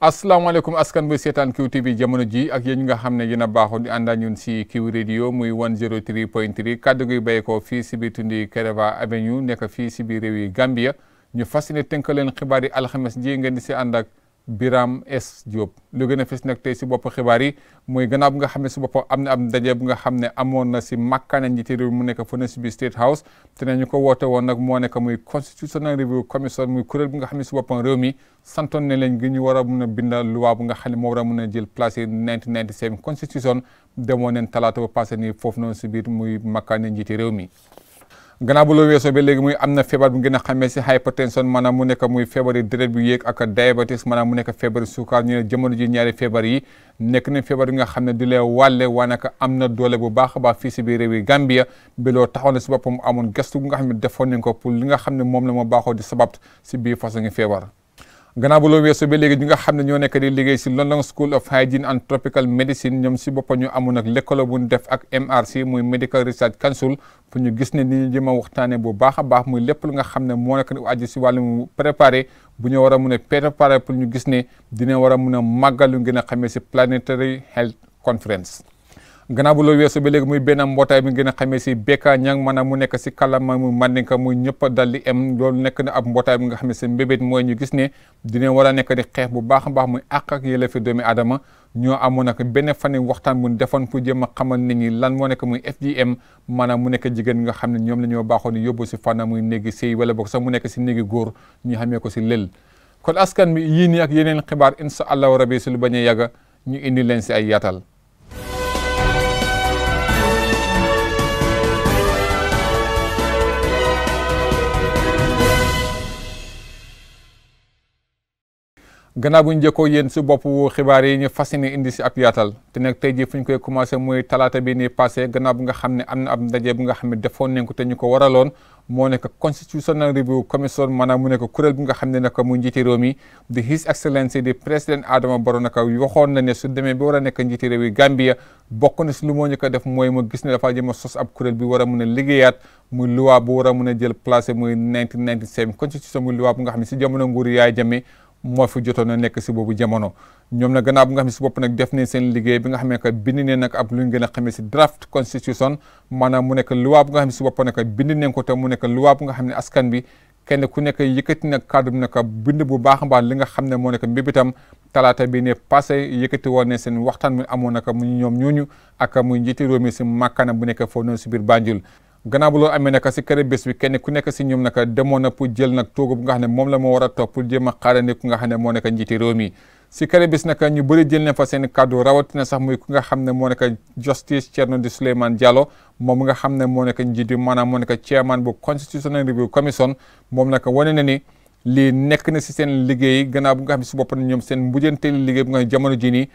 asalaamaaleykum askan bu seetaan QTV jamono ji ak yéen ñi nga xam ne yéen a baaxoo di ànd ak ñun si Q radio muy 103 point 3 kaddu gi bay ko fi si biir tundi Kereva Avenue nekk fii si biir réew yi Gambia ñu fas yéene tënk leen xibaar yi alxames ji ngeen di si ànd ak. Birame S Diop lu gën a fës nag tey si bopp xibaar yi mooy gannaaw bi nga xam ne si bopp am na am ndaje bu nga xam ne amoon na si makkaane njiité réew mu nekk fële si biir State House te nañu ko woote woon nag moo nekk muy Constitutional Review Commission muy kuréel bi nga xam ne si boppam réew mi santoon ne leen gi ñu war a mun a bindal loi bu nga xam ne moo war a mun a jël place 1997 constitution demoon neen talaata ba passé nii foofu noonu si biir muy makkaane njiité réew mi. gannaaw bu loolu weesoo ba léegi muy am na feebar bu ngeen a xamee si hypertension maanaam mu nekk muy feebari deret bu yéeg ak diabetes maanaam mu nekk feebari suukar ñu ne ji ñaari feebar yi nekk na feebar yi nga xam ne du lee wàlle waanaka am na doole bu baax a baax fii si biir réew yi Gambia bi loo taxaw si boppam amoon gëstu bu nga xam ne defoon nañ ko pour li nga xam ne moom la moo baaxoo di sabab si biir façon feebar gannaaw bu loo weesoo ba léegi ñi nga xam ne ñoo nekk di liggéey si London School of Hygiene and Tropical Medicine ñoom si boppam ñu amoon ak lëkkaloo bu ñu def ak MRC muy Medical Research Council pour ñu gis ne ni ñu jëm waxtaane waxtaanee bu baax a baax muy lépp lu nga xam ne moo nekk aju si wàllum préparé bu ñu war a mun a préparé pour ñu gis ne dina war mun a màggal lu gën a xamee si Planetary Health Conference. gannaaw bu loolu weesu ba léegi muy benn mbootaay bi ngeen a xamee si Beka Ñang maanaam mu nekk si kàllaama mu Mandinka muy ñëpp a dal di am loolu nekk na ab mbootaay bi nga xam ne seen mbébét mooy ñu gis ne dina war a nekk di bu baax a baax muy àq ak yelleefi doomi aadama ñoo amoon ak benn fan waxtaan bu ñu defoon pour jéem a xamal nit ñi lan moo nekk muy FGM maanaam mu nekk jigéen nga xam ne ñoom la ñoo baaxoon yóbbu si fànn muy néegi sëy wala boog sax mu nekk si néegi góor ñu xamee ko si lël kon askan bi yii nii ak yeneen xibaar incha allahu rabi si lu bañ a yàgg ñu indi leen si ay yaatal gannaaw bu ñu jëkkoo yéen si bopp xibaar yi ñu fas indi si ab yaatal te nag tey jii fu ñu koy commencé mooy talaata bi nii passé gannaaw bi nga xam ne am na ab ndaje bi nga xam ne defoon nañ ko te ñu ko waraloon moo nekk constitutional review commission maanaam mu nekk kuréel bi nga xam ne nag mu njiiti réew mi di his excellence di président Adama Barrow nag waxoon na ne su demee bi war a nekk njiiti réew yi Gambia bokk na si lu ñu ko def mooy mu gis ne dafa jëm a sos ab kuréel bi war a mun a liggéeyaat muy luwaa bu war a mun a jël placé muy 1997 constitution muy luwaa bu nga xam ne si jamono nguur yaay jame moo fi jotoon a nekk si boobu jamono ñoom na gannaaw bi nga xam si bopp nag def ne seen liggéey bi nga xam ne que bind nañ nag ab lu ñu gën a xamee si draft constitution maanaam mu nekk luwaa bu nga xam ne si bopp nag bind nañ ko te mu nekk luwaa bu nga xam askan bi kenn ku nekk yëkkati nag kàddu bi nag bind bu baax a baax li nga xam ne moo nekk mbibitam talaata bi ne passé yëkkati woon ne seen waxtaan mu amoon nag mu ñoom ñooñu ak mu njiiti réew mi si màkkaana bu nekk foof noonu si biir Banjul gannaaw bu loolu amee naka si kër bi kenn ku nekk si ñoom naka demoon na pour jël nag toogu bu nga xam ne moom la moo war a toog pour jéem a xaarandi ku nga xam ne moo nekk njiiti réew mi si kër bés naka ñu bëri jël nañ fa seen kàddu rawatina sax muy ku nga xam ne moo nekk justice Thierno di Souleymane Diallo moom nga xam ne moo nekk njiit bi maanaam moo nekk chairman bu constitutional review commission moom naka wane na ni lii nekk na si seen liggéey gannaaw bu nga xam si boppam ñoom seen mujjanteelu liggéey bu nga jamono ji nii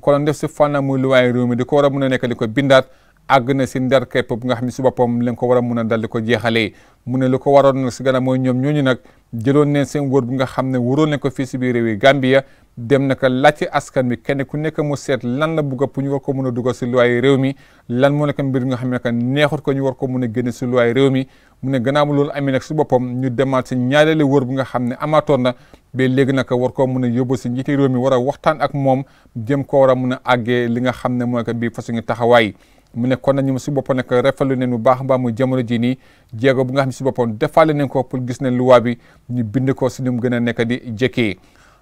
ko doon def si fànn mi di ko war a mën ko bindaat àgg na si ndar képp bu nga xam ne si boppam lañ ko war a mun a dal ko jeexalee mu ne lu ko waroon nag si gannaaw mooy ñoom ñooñu nag jëloon neen seen wóor bu nga xam ne wóoroon nañ ko fii si biir réew yi Gambia dem na ko askan bi kenn ku nekk mu seet lan la bugg a ñu war ko mun a dugal si luwaay réew mi lan moo nekk mbir nga xam ne que neexut ko ñu war ko mun a génne si luwaay mu ne gannaaw loolu amee nag si boppam ñu demaat si ñaareelu wóor bu nga xam ne amaatoon na ba war koo mun a yóbbu si njiiti réew mi war a waxtaan ak moom jëm ko war a mun a àggee li nga xam ne mooy que bii façon taxawaay mu ne kon nañu mu si boppam nag rafetlu nañu bu baax mbaa mu jamono ji nii jéego bu nga xam ne si boppam defaale nañ ko pour gis ne luwaa bi ñu bind ko si ni mu gën a nekk di jékkee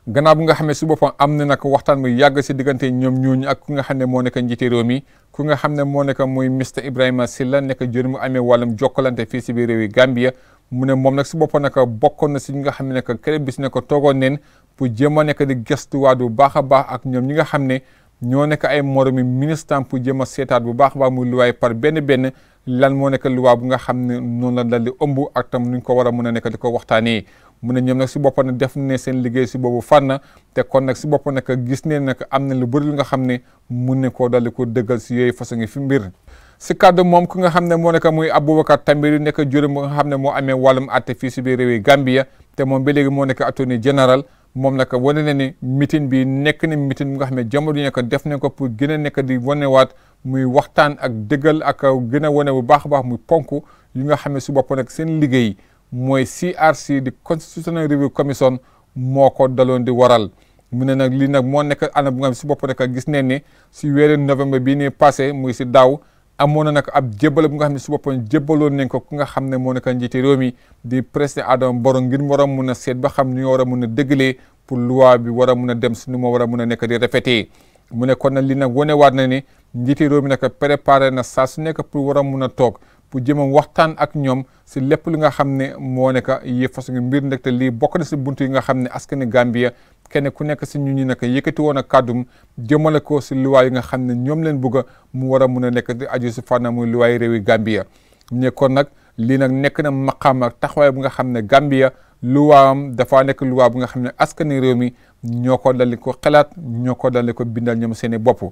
gannaaw bi nga xam si boppam am na nag waxtaan bu yàgg si diggante ñoom ñooñu ak ku nga xam ne moo nekk njiite réew mi ku nga xam ne moo nekk muy Mr Ibrahima Silla nekk jëriñ mu amee wàllum jokkalante fii si biir réew yi Gambia mu ne moom nag si boppam nag bokkoon na si ñi nga xam ne nag kër bis ne ko toogoon neen pour jéem a nekk di gëstuwaat bu baax a baax ak ñoom ñi nga xam ne ñoo nekk ay moromi ministre pour jéem a seetaat bu baax baax muy luwaay par benn benn lan moo nekk luwaa bu nga xam ne noonu la dal di ëmb ak tam nuñ ko war a mën a nekk di ko waxtaanee mu ne ñoom si boppam nag def ne seen liggéey si boobu fànn te kon nag si boppa nag gis ne nag am na lu bëri lu nga xam ne mun ne koo dal di ko dëggal si yooyu façon ngi fi mbir si kàddu moom ku nga xam ne moo nekk muy Aboubacar Tambadou nekk juróom bu nga xam ne moo amee wàllum àtte fii si biir réewi Gambia te moom ba léegi moo nekk attorney général moom nag wane na ni meeting bi nekk ni meeting bi nga xam ne jamono yi nekk def nañ ko pour gën a nekk di waat muy waxtaan ak dëggal ak gën a wane bu baax a baax muy ponk li nga xam ne su bopp nag seen liggéey mooy CRC di Constitutional Review Commission moo ko daloon di waral mu ne nag lii nag moo nekk ana bu nga xam ne su bopp nag gis ne ne si weeru novembre bii nii passé muy si daaw amoon na nag ab jébbal bu nga xam ne si boppam jébbaloon nañ ko ku nga xam ne moo nekk njiite réew mi di président Adama Barrow ngir mu mun na seet ba xam ni ñu war a mun a déglee pour loi bi war a mun a dem si nu ma war a mun a nekk di rafetee mu ne kon nag li nag wanewaat na ne njiite réew mi nag préparé na saa su nekk pour war mun a toog. pour jëm a waxtaan ak ñoom si lépp li nga xam ne moo nekk yi façon mbir ndekte lii bokk na si bunt yi nga xam ne askani Gambia kenn ku nekk si ñu ñi nag yëkkati woon a kàddum jëmale ko si luwaay yi nga xam ne ñoom leen bëgg a mu war a mun a nekk di aju si fànn muy luwaay réewi Gambia ne kon nag lii nag nekk na maqaam ak taxawaay bu nga xam ne Gambia luwaam dafaa nekk luwaa bu nga xam ne askani réew mi ñoo ko dali ko xalaat ñoo ko dali ko bindal ñoom seen i bopp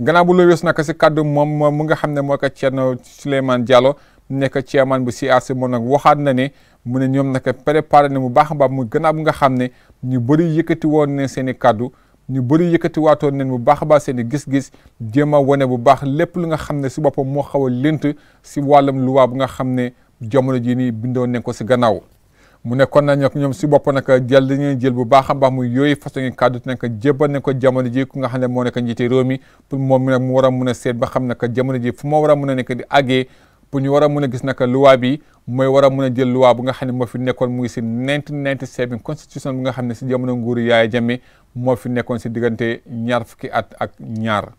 gannaaw bu loolu weesu nag si kàddu moom mu nga xam ne moo ko Thierno Souleymane Diallo nekk chairman bu CRC moom nag waxaat na ne mu ne ñoom nag préparé na mu baax a baax mu gannaaw bu nga xam ne ñu bëri yëkkati woon ne seen i kàddu ñu bëri yëkkati waatoon nañ bu baax a baax seen i gis-gis jéem a wane bu baax lépp lu nga xam ne si boppam moo xaw a si wàllum luwaa bu nga xam ne jamono jii nii bindoon nañ ko si gannaaw. mu nekkoon nañ nag ñoom si bopp nag jël li ñuy jël bu baax a baax mu yooyu façon yi kàddu nag jébal nañ ko jamono ji ku nga xam ne moo nekk njiite réew mi pour moom nag mu war a mun a seet ba xam nag jamono ji fu ma war a mun a nekk di àggee pour ñu war a mun a gis nag luwaa bi mooy war a mun a jël luwaa bu nga xam ne moo fi nekkoon muy si 1997 constitution bi nga xam ne si jamono nguuru Yaaya Jammeh moo fi nekkoon si diggante ñaar fukki at ak ñaar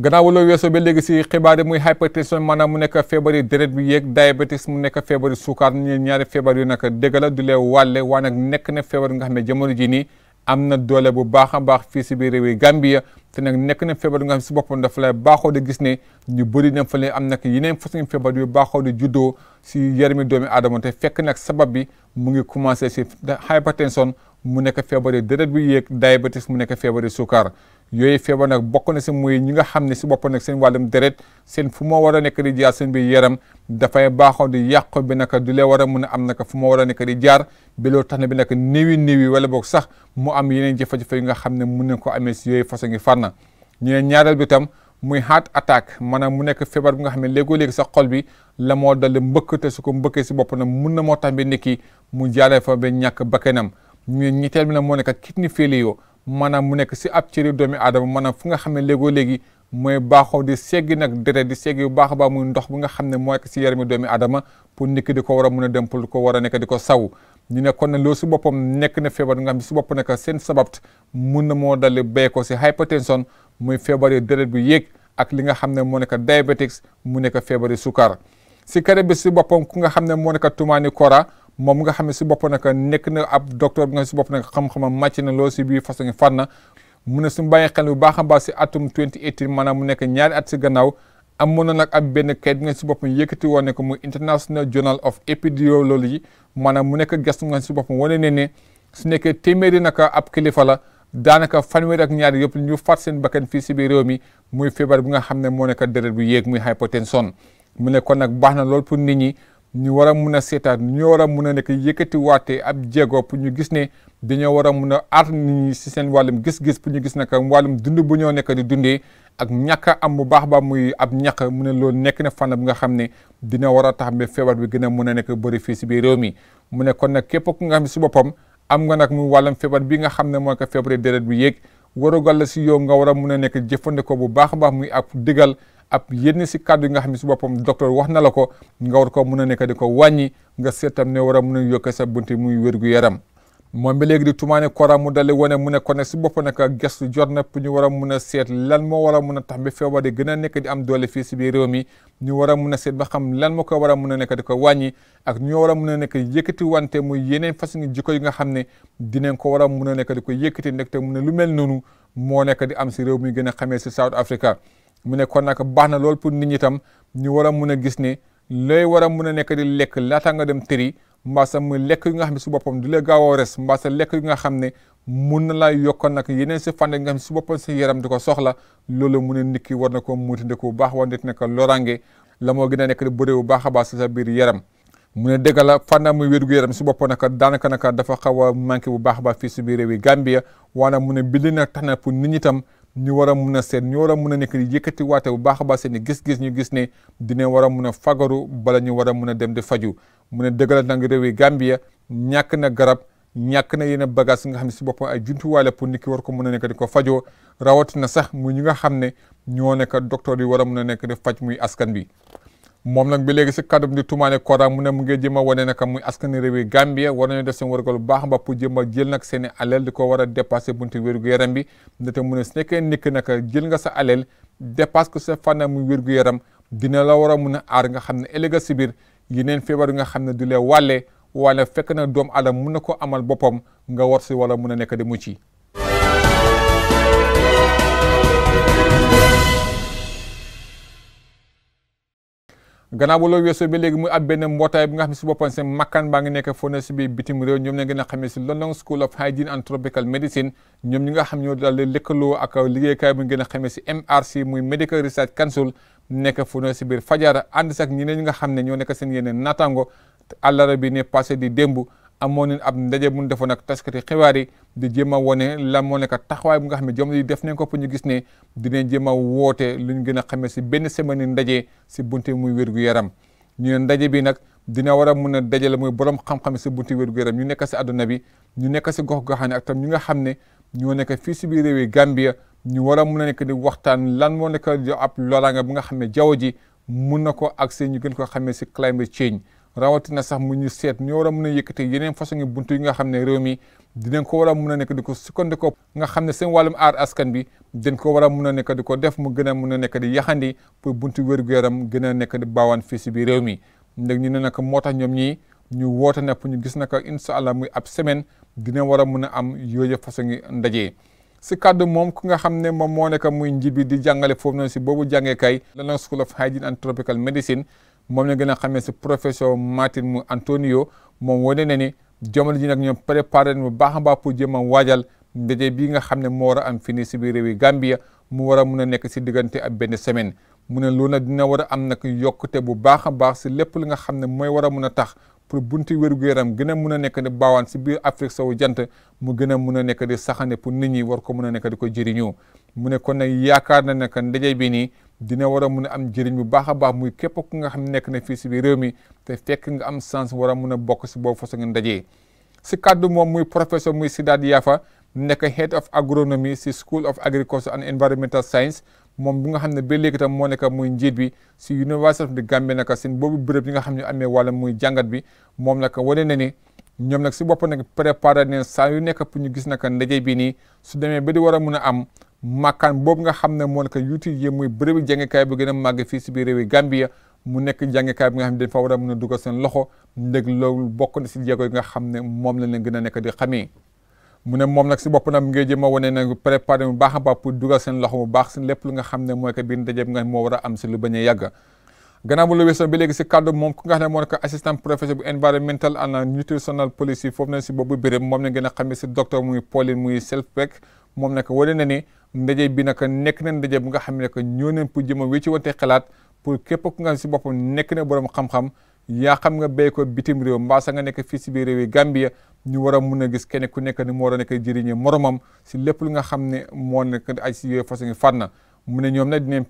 gannaaw loolu weesoo ba léegi si xibaar yi muy hypertension maanaam mu nekk feebari deret bi yéeg diabétis mu nekk feebari suukaar ñu ñaari feebar yu nag dëgg la du lee wàlle waaye nag nekk na feebar nga xam ne jamono ji nii am na doole bu baax a baax fii si biir réewi Gambia te nag nekk na feebar nga xam si boppam dafa baaxoo di gis ne ñu bëri nañ fa lay am nag yeneen façon feebar yu baaxoo di juddoo si yarami doomi aadama te fekk nag sabab bi mu ngi commencé si hypertension mu nekk feebari deret bi yéeg diabétis mu nekk feebari suukaar yooyu feebar nag bokk na si muy ñi nga xam ne si bopp nag seen wàllum deret seen fu ma war a nekk di jaar seen bi yaram dafay baaxoo di yàqu bi nag du lee war a mun a am naka fu ma war a nekk di jaar bi loolu tax na bi naka néewi wala boog sax mu am yeneen jafe yi nga xam ne mun nañ ko amee si yooyu façon yi far na ñu ñaareel bi tam muy heart attack maanaam mu nekk feebar bi nga xam ne léegoo-léegi sax xol bi la moo dal mbëkk te su ko mbëkkee si bopp nag mun na moo tax bi nekki mu jaaree fa ba ñàkk bakkanam ñu ñetteel bi nag moo nekk ni kidney failure maanaam mu nekk si ab cëri doomi aadama maanaam fu nga xam ne léegoo léegi mooy baaxoo di segg nag deret di segg bu baax a baax muy ndox bi nga xam ne moo nekk si yarami doomi aadama pour nit di ko war a mun a dem ko war a nekk di ko saw ñu ne kon ne loolu si boppam nekk na feebar nga xam ne si bopp nekk seen sababt mun na moo dal bee ko si hypertension muy feebar yi deret bu yéeg ak li nga xam ne moo nekk diabetics mu nekk feebari yi si kare bi si boppam ku nga xam ne moo nekk tumaani kora moom nga xam ne si bopp nag nekk na ab doctor bi nga xam si bopp nag xam màcc na lool si biir façon fànn na mu ne suñu bàyyi xel bu baax a baax si atum 2018 maanaam mu nekk ñaari at si gannaaw amoon na nag a benn kayit bi si boppam yëkkati woon ne ko muy International Journal of Epidemiology maanaam mu nekk gëstu nga si boppam wane ne ne su nekkee téeméeri nag ab kilifa la daanaka fanweeri ak ñaari yëpp ñu faat seen bakkan fii si biir réew mi muy feebar bi nga xam ne moo nekk deret bu yéeg muy hypertension mu ne kon nag baax na lool pour nit ñi ñu war a mun a seetaan ñu war a mun a nekk yëkkati waate ab jéego pour ñu gis ne dañoo war a mun a aar nit si seen wàllum gis-gis pour ñu gis nag wàllum dund bu ñoo nekk di dundee ak ñàkk am bu baax ba muy ab ñàkk mu ne loolu nekk na fànn bi nga xam ne dina war a tax bi gën a mun a nekk bëri fii biir réew mi mu nag képp ku nga xam si boppam am nga nag mu wàllum feebar bi nga xam ne mooy ko feebar deret bi yéeg warugal la si yow nga war a mun a nekk jëfandikoo bu baax a baax muy ak digal ab yenn si kàddu yi nga xam ne si boppam docteur wax na la ko nga war ko mën a nekk ko wàññi nga seetam ne war a mën a yokk sa bunti muy wér-gu-yaram moom ba léegi di tumaane kora mu dali wane mu ne ko si bopp gestu jot na ñu a mun a seet lan moo war a mun a tax ba feebar di gën a nekk am doole fii si biir réew mi ñu war a a seet ba xam lan moo ko war mun a nekk ko wàññi ak ñoo war a mun a nekk yëkkati wante muy yeneen façon jikko yi nga xam ne dinañ ko war a mun a nekk di ko te mu ne lu mel noonu moo nekk di am si réew mi gën a xamee si South Africa mu ne kon nag baax na lool pour nit ñi tam ñu war a mun a gis ne looy war a mun a nekk di lekk laata nga dem tëri mbaa sa lekk yu nga xam ne su boppam du la gaaw a res mbaa sa lekk yu nga xam ne mun na laa yokk nag yeneen si fànn nga xam ne su si yaram di ko soxla loolu mu ne ki war na ko muutandi ko bu baax war nit nekk lorange la moo gën a nekk di bëre a baax si sa biir yaram mu ne dëgg la fànna muy wér gu yaram si boppa boppam nag daanaka nag dafa xaw a manqué bu baax a baax fii si biir réew yi Gambia waana mu ne bi li nag tax na pour nit ñi tam ñu war a mun a seen ñu war a mun a nekk di yëkkati waate bu baax a baax seen i gis-gis ñu gis ne dina war a mun a fagaru bala ñu war mun a dem di faju mu ne dëggal nag réewi Gambia ñàkk na garab ñàkk na yenn bagage nga xam ne si boppam ay jumtuwaay la pour nit ki war ko mun a nekk di ko fajoo rawatina sax mu ñu nga xam ne ñoo nekk docteur yi war a mun a nekk di faj muy askan bi moom nag ba léegi si kàddum di tumaane Kora mu ne mu ngi jéem a wane naka muy askani réewi Gambia war nañu def seen wargal bu baax a baax pour jéem a jël nag seen i di ko war a dépassé bunti wér-gu-yaram bi ndaxte mu ne su nekkee jël nga sa alal dépasse ko sa fànn muy wér yaram dina la war a mun a aar nga xam ne ëllëg si biir yeneen feebar yi nga xam ne du lee wàlle wala fekk na doom aadama mun na ko amal boppam nga war si wala mun a nekk di mu ci gannaaw ba loolu weesoo ba léegi muy ab benn mbootaay bi nga xam ne si boppam seen makkaan baa ngi nekk foo si biir bitim réew ñoom la gën a xamee si London School of Hygiene and Tropical Medicine ñoom ñi xam a xamee si MRC muy nekk foo na Fajara ànd si ak ñeneen ñi nga xam ne ñoo nekk seen yeneen naataango àllarba bi ne passé di démb amoon nañ ab ndaje bu ñu defoon ak taskati xibaar yi di jéem a wone la moo nekk taxawaay bu nga xam ne jamono yi def nañ ko pour ñu gis ne dinañ jéem a woote lu ñu gën a xamee si benn semaine ndaje si bunte muy wér-gu-yaram ñu ne ndaje nag dina war a mun a dajale muy borom xam si bunte wér gu ñu nekk si àdduna bi ñu nekk si gox goxaan ak tam ñu nga xam ne ñoo nekk fii si biir réewi Gambia ñu war a mun a nekk di waxtaan lan moo nekk ab loraange bu nga xam ne jaww ji mun na ko ak seen ñu gën ko xamee si climate change rawatina sax mu ñu seet ñoo war a mun a yëkkati yeneen façon yi buntu yi nga xam ne réew mi dinañ ko war a mun a nekk di nga xam ne seen wàllum aar askan bi dañ ko war a a nekk di def mu gën a mun a nekk di yaxandi pour buntu wér-gu-yaram gën a nekk di baawaan fii si biir réew mi ndax ñu ne nag moo tax ñoom ñii ñu woote na ñu gis naka incha allah muy ab semaine dina war a mun a am yooyu façon yi ndaje si kàddu moom ku nga xam ne moom moo nekk muy njibi di jàngale foofu noonu si boobu jàngee kay London School of Hygiene and Tropical Medicine moom na gën a xamee si professeur mu Antonio moom wane na ni jamono ji nag ñoom préparé bu baax a baax pour jéem a waajal ndaje bii nga xam ne moo war a am fii nii biir réewi Gambia mu war a mun a nekk si diggante ak benn semaine mu ne loolu nag dina war a am nag yokkute bu baax a baax si lépp li nga xam ne mooy war a mun a tax pour bunti wér-gu-yaram gën a mun a nekk di baawaan si biir Afrique sowu jant mu gën a mun a nekk di saxane pour nit ñi war ko mun a nekk di ko jëriñoo mu ne kon nag yaakaar na ne ndaje bi nii. dina war a mun a am njëriñ bu baax a baax muy képp ku nga xam nekk na fii si biir réew mi te fekk nga am sens war a mun a bokk si boobu façon ndaje si kàddu moom muy professeur muy si daad Yafa nekk head of agronomy si school of agriculture and environmental science moom bu nga xam ne ba léegi tam moo nekk muy njiit bi si University of the Gambia naka seen boobu béréb yi nga xam ne amee wàlla muy jàngat bi moom nag wane na ni ñoom nag si bopp nag préparé neen saa yu nekk pour ñu gis naka ndaje bi nii su demee ba di war a mun a am màkkaan boobu nga xam ne moo nekk UTJ muy bërëbi jàngekaay bi gën a màgg fii si biir réewi Gambia mu nekk jàngekaay bi nga a mën a dugal loxo ndég bokk na yi nga xam ne moom lañ leen gën a nekk di xamee mu ne moom nag si bopp nag mu ngi jëm a wane ne préparé mu baax a nga xam ne mooy que biir ndaje bi nga moo war a am si lu bañ a yàgg gannaaw bu la weesoo bi léegi si kàddu moom ku nga xam ne moo nekk assistant professeur bu environmental and nutritional policy foofu na si boobu béréb moom ne gën a si docteur muy Pauline muy Selfbeck moom nag wane na ni ndaje bi nag nekk na ndaje bu nga xam ne que ñoo neen pour jëma wécci wante xalaat pour képp ku nga si boppam nekk na borom xam yaa xam nga béy ko bitim réew mbaa sa nga nekk fii si biir réew yi Gambia ñu war a a gis kenn ku nekk ni moo war a nekk jëriñe moromam si lépp lu nga xam ne moo nekk ay si yooyu façon fànn mu ne ñoom nag dinañ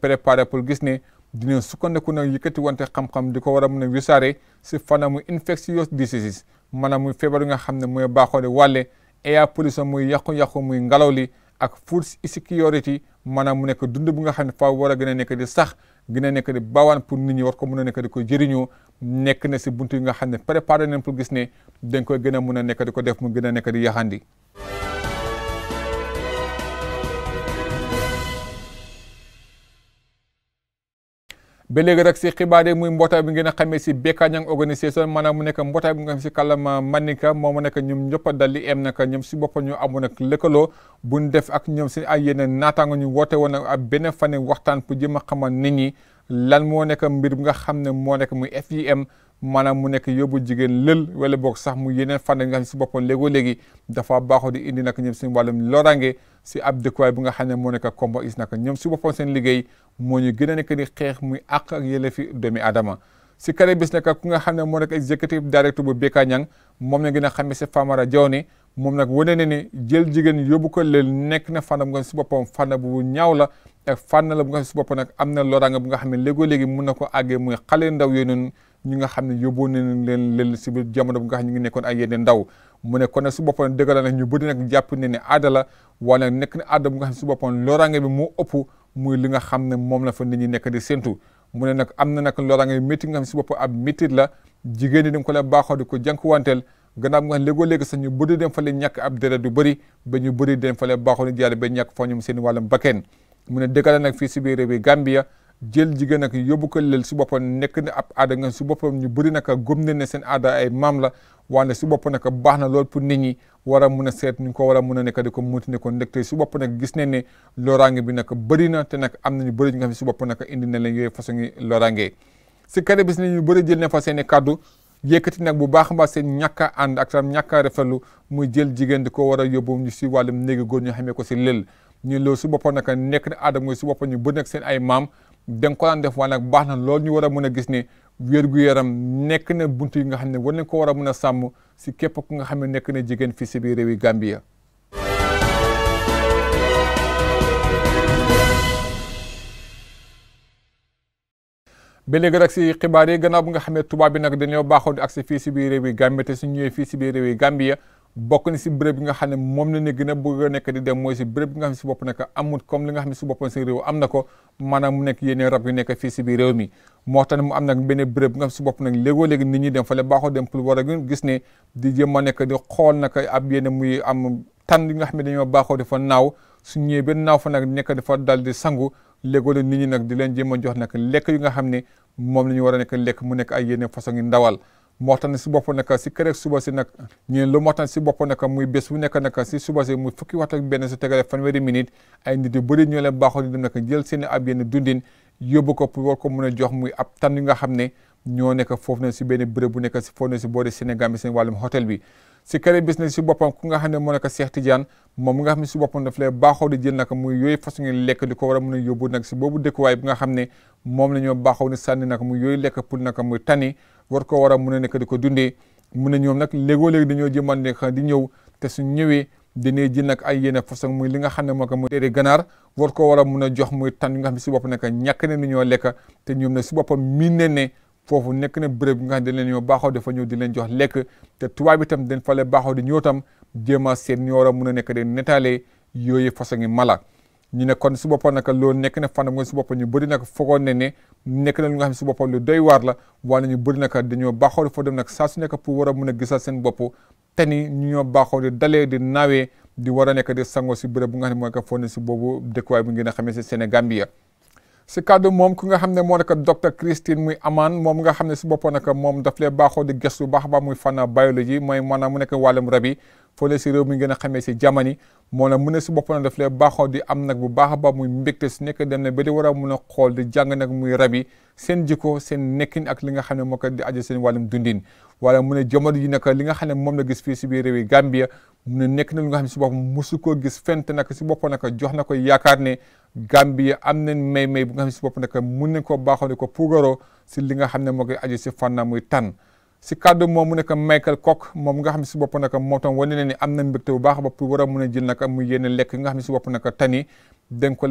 pour gis ne dinañ sukkandiku nag yëkkati wante xam-xam di ko war a mun a wisaare si fanamu infectious diseases maanaam muy feebar yi nga xam ne mooy baaxoo di wàlle air pollution muy yàqu-yàqu muy ngelaw li ak food security maanaam mu nekk dund bu nga xam ne faaw war a gën a nekk di sax gën a nekk di bawan pour nit ñi war ko mun a nekk di ko jëriñoo nekk na si buntu yi nga xam ne préparé nañ pour gis ne dañ koy gën a mën a nekk di ko def mu gën a nekk di yaxandi ba léegi rek si xibaar yi muy mbootaay bi ngeen a xamee si Bekanyang organisation maanaam mu nekk mbootaay bi nga xam si kàllaama Mandinka moo mu nekk ñoom ñëpp a dal di em ñoom si boppam ñu amoon nag lëkkaloo bu ñu def ak ñoom si ay yeneen naataango ñu woote woon ak benn fan waxtaan pour jéem a xamal nit ñi lan moo nekk mbir bi nga xam ne moo nekk muy FIM maanaam mu nekk yóbbu jigéen lël wala boog sax mu yeneen fànn nga xam si boppam léegoo léegi dafa baaxoo di indi nag ñoom seen wàllum loraange si ab dëkkuwaay bu nga xam ne moo nekk combat is nag ñoom si boppam seen liggéey moo ñu gën a nekk di xeex muy àq ak yelleefi doomi aadama si kare bis nag ku nga xam ne moo nekk executive director bu Beka Ñang moom la gën a xamee si Famara Jawne moom nag wane na ni jël jigéen yóbbu ko lël nekk na fànn bu nga si boppam fànn bu ñaaw la ak fànn la bu nga si boppam nag am na loraange bu nga xam ne léegoo léegi mun na ko àggee muy xale ndaw yooyu noonu ñi nga xam ne yóbboo nañ leen leen si biir jamono bu nga xam ne ñu ngi nekkoon ay yeneen ndaw mu ne kon nag su boppam dëgg la nag ñu bëri ne ne aada la wala nekk na aada bu nga xam ne su boppam loraange bi moo ëpp muy li nga xam ne moom la fa nit ñi nekk di séntu mu ne nag am na nag loraange métti nga xam ne si boppam ab métti la jigéen ñi dañ ko la baaxoo di ko jànkuwanteel gannaaw nga léegoo léegi sax ñu bëri dem fa la ñàkk ab deret du bëri ba ñu bëri dem fa la baaxoo di jaare ba ñàkk fa ñoom seen wàllum bakkeen mu ne dëgg nag fii si biir réew bi Gambia jël jigéen nag yóbbu ko lël si boppam nekk na ab aada si boppam ñu bëri naka gëm ne ne seen aada ay maam la wante si bopp nag baax na lool pour nit ñi war a mun a seet ñu ko war mun a nekk di ko muuti ne ko ndekte si bopp nag gis ne ne loraange bi nag bëri te nag am nañu bëri ñu nga si bopp nag indi na leen yooyu façon yi si kare bis ne ñu bëri jël ne fa seen i kàddu yëkkati nag bu baax a baax seen ñàkk a ànd ak tam muy jël jigéen di ko war a yóbbu si wàllum néegi góor ñu xamee ko si lël ñu loolu si boppam nag nekk na aadam nga si boppa ñu bëri nag seen ay maam da nga def waaye nag baax na loolu ñu war a mën a gis ni wér-gu-yaram nekk na bunt yi nga xam ne war ne ko war a mën a sàmm si képp ku nga xam ne nekk na jigéen fii si biir réewi Gambia ba léegi rek si xibaar yi gannaaw bi nga xam ne tubaab bi nag dañoo baaxoo di agsi fii si biir réewi Gambia te ñëwee fii si biir réewi Gambia bokk na si béréb bi nga xam ne moom la ñu gën a nekk di dem mooy si béréb bi nga xam ne si bopp nekk amul comme li nga xam ne si boppam si réew am na ko maanaam mu nekk yeneen rab yu nekk fii si biir réew mi moo tax ne mu am nag benn si bopp nag léegoo léegi nit ñi dem fale baaxoo dem pour war a gis ne di jëm a nekk di xool nag am tànn yi nga xam ne dañoo baaxoo dafa naaw su ñëwee ba naaw fa nag nekk dafa dal di sangu léegoo la nit ñi nag di leen jéem a jox nag lekk yu nga xam ne moom la ñu war a nekk lekk mu nekk ay yenn façon yi ndawal moo tan ne si bopp nag si kër ak suba si nag ñu ne lu moo tax si bopp nag muy bés bu nekk nag si suba si fukki waxtu ak benn su tegale fanweeri nit yu bëri ñoo leen baaxoo di dem nag jël ko pour a jox muy ab tan yi nga xam ne ñoo nekk foofu na si benn béréb bu nekk si foofu na si boori Sénégal bi bi si kër bés nag si boppam nga xam ne moo nekk Cheikh Tidiane moom nga xam ne si boppam daf lay baaxoo di jël nag muy yooyu façon ko war a mën a yóbbu nag si boobu dëkkuwaay bi xam ne moom la ñoo baaxoo di sànni nag muy yooyu lekk pour nag muy tani war ko war a mun a nekk di ko dundee mun na ñoom nag léegoo léegi dañoo jëman nekk di ñëw te su ñëwee dinañ ji nag ay yenn façon muy li nga xam ne moo ko muy tere ganaar war ko war a mun a jox muy tan yi nga xam ne si bopp nag ñàkk ne ni ñoo lekk te ñoom nag si boppam miin ne ne foofu nekk na béréb bi nga xam ne dañ leen ñoo baaxoo dafa ñëw di jox lekk te tubaab itam dañ fale baaxoo di ñëw tam jéem a seet ñoo war a mun a nekk di nettaale yooyu façon yi mala ñu ne kon si boppam nag loolu nekk na fànn mooy su boppam ñu bëri nag foogoon ne ne nekk na lu boppam lu doy waar la wala ñu bëri nag dañoo baaxoo foo nag saa su nekk pour war a mun a gisal seen bopp te ni ñu ñoo baaxoo di dalee di nawee di war a nekk di sangoo si bërëb bu nga xam mooy ko foo si boobu dëkkuwaay bu ngeen a xamee si Sénégambia si kàddu moom ku nga xam ne moo nekk docteur Christine muy amaan moom nga xam ne si boppam nag moom daf lay baaxoo di gestu baax a baax muy fànn biologie mooy maanaam mu nekk wàllum rab yi foolee si réew mi gën a xamee si jamani moo na mu si bopp na daf lay baaxoo di am nag bu baax ba baax muy mbégte su nekk dem na ba di war a mun a xool di jàng nag muy rab yi seen jikko seen nekkin ak li nga xam ne moo ko di aju seen wàllum dundin wala mu ne jamono ji nag li nga xam ne moom na gis fii si biir réew yi Gambia nekk na lu nga xam ne si bopp musu koo gis fent nag si bopp nag jox na ko yaakaar ne Gambia am nañ may may bu nga xam si bopp nag mun nañ koo baaxoo di ko puugaroo si li nga xam ne moo koy aju si na muy tànn si kàddu moom mu nekk Michael Koch moom nga xam ne si bopp naka moo tam wane ne ni am na mbégte bu baax ba pour war a mun a jël naka mu yéene lekk nga xam ne si bopp naka tani dénk ko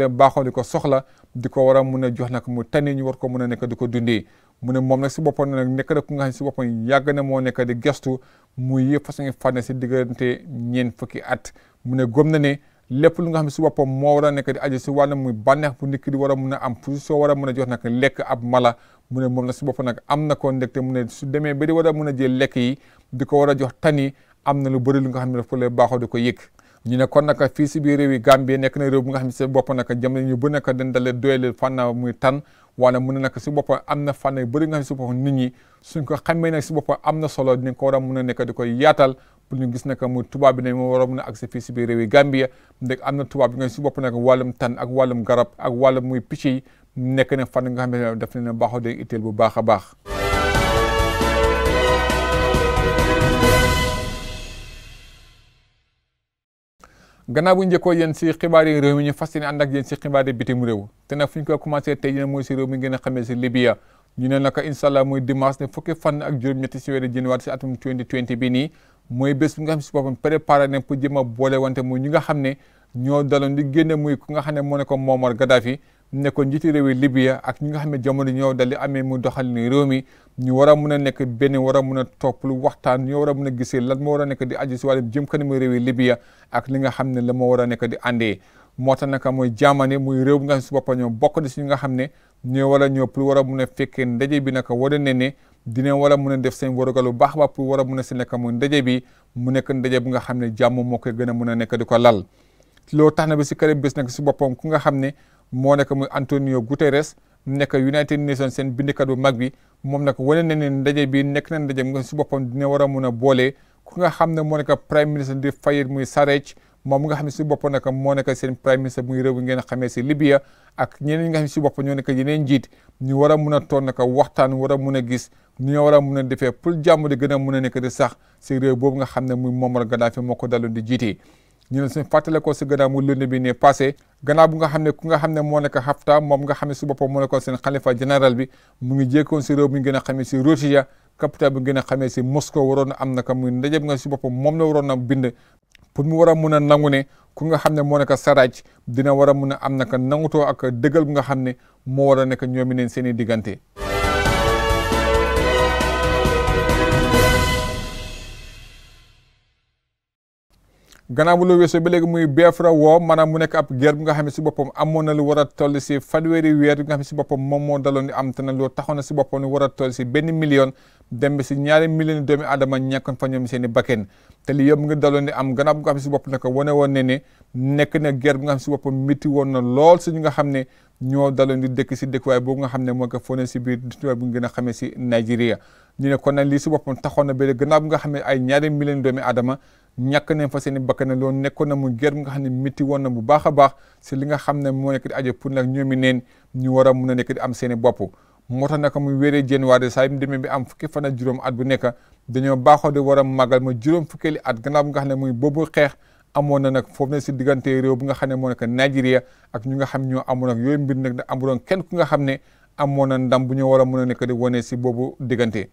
ko soxla di ko war a mun a jox nag mu tani ñu war ko mun a nekk di ko dundee mu ne moom nag si boppam nag nekk na si boppam yàgg na moo nekk di gestu mu yëpp façon fànn si diggante ñeent fukki at mu ne gëm na ne lépp lu nga xam si boppam moo war a nekk di aju si wàllum muy bànneex bu nit ki di war a mun a am pour soo war a mun a jox nag lekk ab mala mu ne moom na si bopp nag am na ko ndekk mu ne su demee ba di war a mun a jël lekk yi di ko war a jox tani am na lu bëri lu nga xam ne daf ko lay baaxoo di ko yëg ñu ne kon naka fii si biir réew yi nekk na rew bu nga xam ne si bopp naka jamono ñu bu nekk dañ dalee doyale fànn muy tan wala mu ne nag si boppam am na fànn yu bëri nga xam ne si boppam nit ñi suñ ko xamee nag si boppa am na solo dinañ ko war a mun a nekk di koy yaatal pour ñu gis naka muy tubaab bi ne moo war a mun a accès fii si am na tubaab bi nga si bopp nag wàllum tan ak wàllum garab ak wàllum muy picc yi nekk na fan nga xam ne daf leen a baaxoo bu baax a baax gannaaw bu njëkkoo yéen si xibaar yi réew mi ñu fas yéene ànd ak yéen si xibaar yi bitim réew te nag fu ñu tey jii mooy si réew mi ngeen a xamee ñu ne naka incha allah muy dimanche ne fukki fan ak juróom-ñetti si weeru janvier si atum 2020 bi nii mooy bés bi nga xam si boppam préparé nañ pour jëm a boole wante muy ñi nga xam ne ñoo daloon di génne muy ku nga xam ne moo ne ko Moomar Gaddafi nekkoon njiiti réewi Libya ak ñi nga xam ne jamono ñoo dal di amee mu doxal ni réew mi ñu war a mun a nekk benn war a mun a topp lu waxtaan ñoo war mun a gisee lan moo war a nekk di aju si wàllum jëm kanamu réewi Libya ak li nga xam ne la moo war a nekk di àndee moo tax mooy jaamane muy réew bi nga xam si boppam ñoo bokk di si ñi nga xam ne ñoo war a ñëw pour war a fekkee ndaje bi naka war a ne ne dina war a mun a def seen warugal bu baax a baax pour war a mun a si nekk mu ndaje bi mu nekk ndaje bi nga xam ne jàmm moo koy gën a mun a nekk ko lal loolu tax bi si kër bés nag si boppam ku nga xam ne moo nekk muy Antonio Guterres nekk United Nations seen bindikat bu mag bi moom nag wane na ne ndaje bi nekk na ndaje mu si boppam dina war a mun a boole ku nga xam ne moo nekk prime ministre di Fayed muy Sarraj moom nga xam ne si bopp nag moo nekk seen prime ministre muy réew bi ngeen xamee si Libya ak ne si bopp ñoo nekk yeneen njiit ñu war a mun a gis war a a defee pour jàmm di gën a mun a nekk di sax si réew boobu ne muy moo ko daloon di jiite. ñu ne suñu fàttale ko si gannaaw mu lundi bi ne passé gannaaw bu nga xam ne ku nga xam ne moo nekk Haftar moom nga xam ne si boppam moo nekkoon seen xalifa général bi mu ngi jékkoon si réew mi ngeen a xamee si Russia capital bi ngeen a xamee si Moscou waroon na am naka muy ndaje bi nga si boppa moom la waroon na bind pour mu war a mun a nangu ne ku nga xam ne moo nekk saraaj dina war a mun a am naka nangutoo ak dëggal bu nga xam ne moo war a nekk ñoomi neen seeni diggante gannaaw bu loolu weesoo ba léegi muy beefra woo maanaam mu nekk ab guerre bi nga xam ne si boppam amoon na lu war a toll si fanweeri weer bi nga xam ne si boppam moom moo daloon ni am te na loolu taxoon na si boppam lu war a toll si benn million dem ba si ñaari million doomi aadama ñàkkoon fa ñoom seen bakken te li yëpp nga daloon ne am gannaaw bu nga xam si bopp nag wane woon ne ne nekk na guerre bi nga xam si boppam métti woon na lool suñu nga xam ne ñoo daloon di dëkk si dëkkuwaay boobu nga xam ne moo ko fone si biir dëkkuwaay bu ngeen a xamee si Nigeria ñu ne kon nag lii si boppam taxoon na ba gannaaw nga xam ne ay ñaari million ñàkk nañ fa seen i bakkan loolu nekkoon na mu guerre bi nga xam ne métti woon na bu baax a baax si li nga xam ne moo nekk di aju pour nag ñoomi neen ñu war a mun a nekk di am seen i bopp moo tax naka muy wéree janvier saa yu mu demee bi am fukki fan ak juróom at bu nekk dañoo baaxoo di war a màggal ma juróom fukkeeli at gannaaw bi nga xam ne muy boobu xeex amoon na nag foofu na si diggante réew bi nga xam ne moo nekk Nigeria ak ñu nga xam ñoo amoon ak yooyu mbir nag amuloon kenn ku nga xam ne amoon na ndam bu ñu war a a nekk di wane si boobu diggante.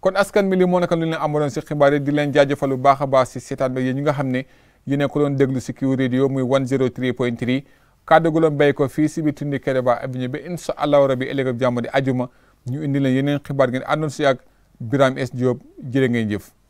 kon askan mi li moo nekk lu leen amoon si xibaar yi di leen jaajëfal lu baax a baax si seetaan bi yéen ñi nga xam ne. yu ne ko doon déglu si Q radio muy 103.3 kàddu gu doon béy ko fii si biir tundi Kédéba avenue ba incha allahu rabi ëllëg ak jàmm di ajuma ñu indi leen yeneen xibaar ngeen àndoon si ak Birame S Diop jërë ngeen jëf.